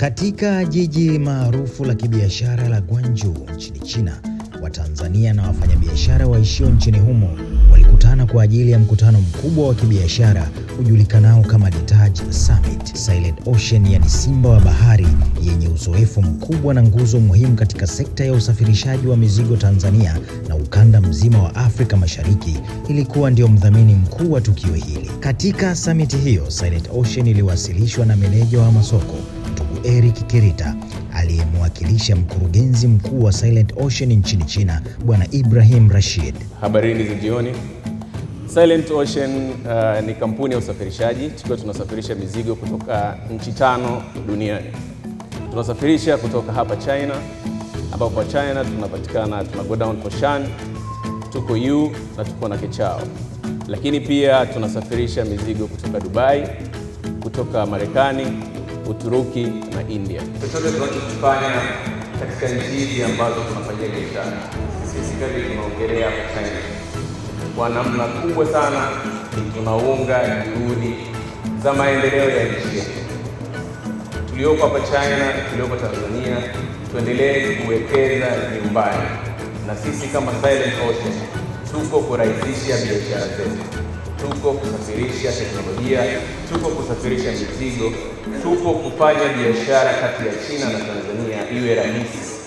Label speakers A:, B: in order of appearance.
A: Katika jiji maarufu la kibiashara la Guangzhou nchini China, Watanzania na wafanyabiashara waishio nchini humo walikutana kwa ajili ya mkutano mkubwa wa kibiashara ujulikanao kama Detaj Summit, Silent Ocean, yani simba wa bahari, yenye uzoefu mkubwa na nguzo muhimu katika sekta ya usafirishaji wa mizigo Tanzania na ukanda mzima wa Afrika Mashariki, ilikuwa ndio mdhamini mkuu wa tukio hili. Katika summit hiyo, Silent Ocean iliwasilishwa na meneja wa masoko Eric Kirita aliyemwakilisha mkurugenzi mkuu wa Silent Ocean nchini China Bwana Ibrahim Rashid.
B: Habarini za jioni. Silent Ocean uh, ni kampuni ya usafirishaji, tukiwa tunasafirisha mizigo kutoka nchi tano duniani. Tunasafirisha kutoka hapa China, ambapo kwa China tunapatikana, tuna go down Foshan, tuko yu na tuko na Kechao, lakini pia tunasafirisha mizigo kutoka Dubai, kutoka Marekani Uturuki na India. Chochote tunachokifanya katika nchi hizi ambazo tunafanyia biashara, basically tunaongelea China. Kwa namna kubwa sana tunaunga juhudi za maendeleo ya nchi yetu. Tulioko hapa China, tulioko Tanzania, tuendelee kuwekeza nyumbani, na sisi kama Silent Ocean tuko kurahisisha biashara zetu tuko kusafirisha teknolojia, tuko kusafirisha mizigo, tuko kufanya biashara kati ya China na Tanzania iwe rahisi.